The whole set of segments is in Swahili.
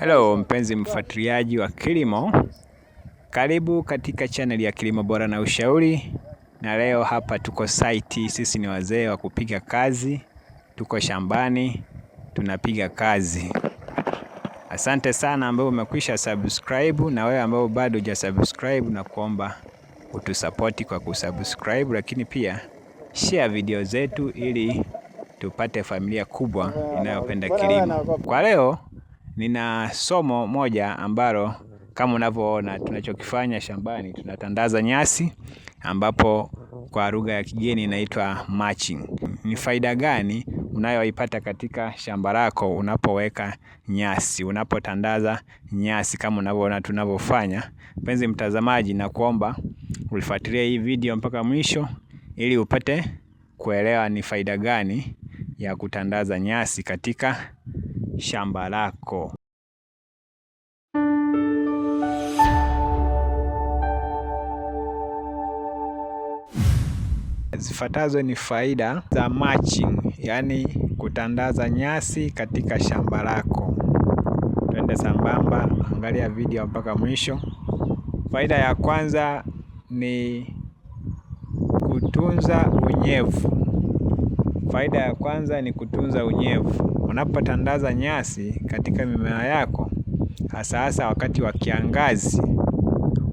Hello mpenzi mfuatiliaji wa kilimo, karibu katika chaneli ya Kilimo Bora na Ushauri. Na leo hapa tuko site, sisi ni wazee wa kupiga kazi, tuko shambani tunapiga kazi. Asante sana ambao umekwisha subscribe, na wewe ambao bado hujasubscribe, na kuomba utusapoti kwa kusubscribe, lakini pia share video zetu ili tupate familia kubwa inayopenda kilimo. Kwa leo Nina somo moja ambalo kama unavyoona tunachokifanya shambani tunatandaza nyasi ambapo kwa lugha ya kigeni inaitwa matching Ni faida gani unayoipata katika shamba lako unapoweka nyasi, unapotandaza nyasi kama unavyoona tunavyofanya? Mpenzi mtazamaji, na kuomba ulifuatilia hii video mpaka mwisho ili upate kuelewa ni faida gani ya kutandaza nyasi katika shamba lako. Zifuatazo ni faida za mulching, yaani kutandaza nyasi katika shamba lako. Twende sambamba, angalia video mpaka mwisho. Faida ya kwanza ni kutunza unyevu. Faida ya kwanza ni kutunza unyevu. Unapotandaza nyasi katika mimea yako hasa hasa wakati wa kiangazi.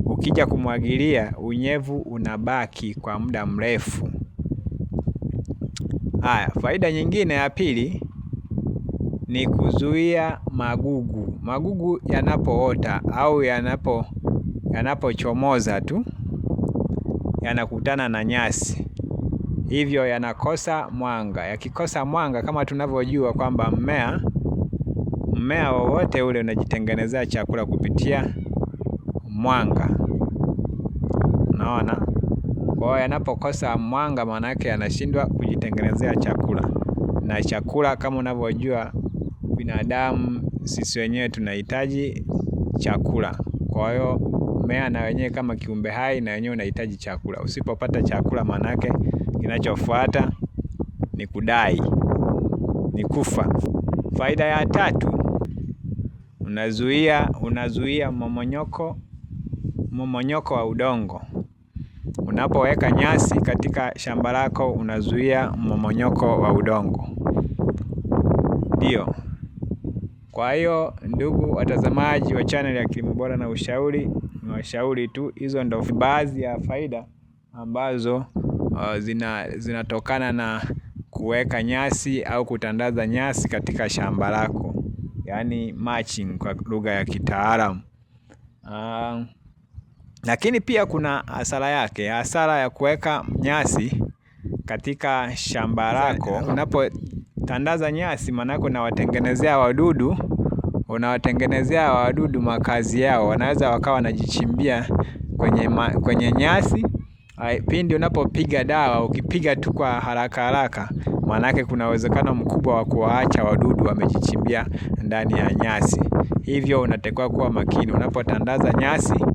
Ukija kumwagilia unyevu unabaki kwa muda mrefu. Haya, faida nyingine ya pili ni kuzuia magugu. Magugu yanapoota au yanapochomoza tu yanakutana na nyasi hivyo yanakosa mwanga. Yakikosa mwanga, kama tunavyojua kwamba mmea mmea wowote ule unajitengenezea chakula kupitia mwanga, unaona. Kwa hiyo yanapokosa mwanga, maana yake yanashindwa kujitengenezea chakula, na chakula kama unavyojua binadamu sisi wenyewe tunahitaji chakula, kwa hiyo mmea na wenyewe kama kiumbe hai na wenyewe unahitaji chakula. Usipopata chakula yake kinachofuata ni kudai, ni kufa. Faida ya tatu, unazuia unazuia momonyoko momonyoko wa udongo. Unapoweka nyasi katika shamba lako unazuia momonyoko wa udongo. Ndio. Kwa hiyo ndugu watazamaji wa channel ya Kilimo Bora na Ushauri washauri tu, hizo ndo baadhi ya faida ambazo uh, zina zinatokana na kuweka nyasi au kutandaza nyasi katika shamba lako, yaani mulching kwa lugha ya kitaalamu. Uh, lakini pia kuna hasara yake. Hasara ya kuweka nyasi katika shamba lako, unapotandaza nyasi, maanake unawatengenezea wadudu unawatengenezea wadudu makazi yao, wanaweza wakawa wanajichimbia kwenye, kwenye nyasi. Pindi unapopiga dawa, ukipiga tu kwa haraka haraka, maanake kuna uwezekano mkubwa wa kuwaacha wadudu wamejichimbia ndani ya nyasi. Hivyo unatakiwa kuwa makini unapotandaza nyasi,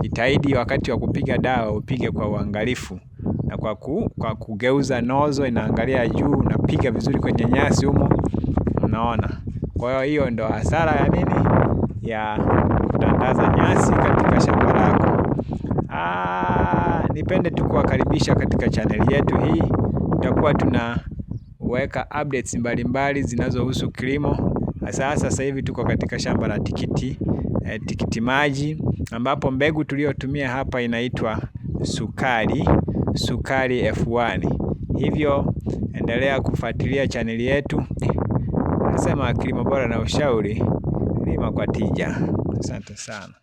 jitahidi wakati wa kupiga dawa upige kwa uangalifu na kwa, ku, kwa kugeuza nozo inaangalia juu, unapiga vizuri kwenye nyasi humo, unaona. Kwa hiyo hiyo ndo hasara ya nini ya kutandaza nyasi katika shamba lako. Ah, nipende tu kuwakaribisha katika chaneli yetu hii, tutakuwa tunaweka updates mbalimbali zinazohusu kilimo. Sasa sasa hivi tuko katika shamba la tikiti eh, tikiti maji ambapo mbegu tuliyotumia hapa inaitwa sukari sukari F1. Hivyo endelea kufuatilia chaneli yetu. Nasema kilimo bora na ushauri, lima kwa tija. Asante sana.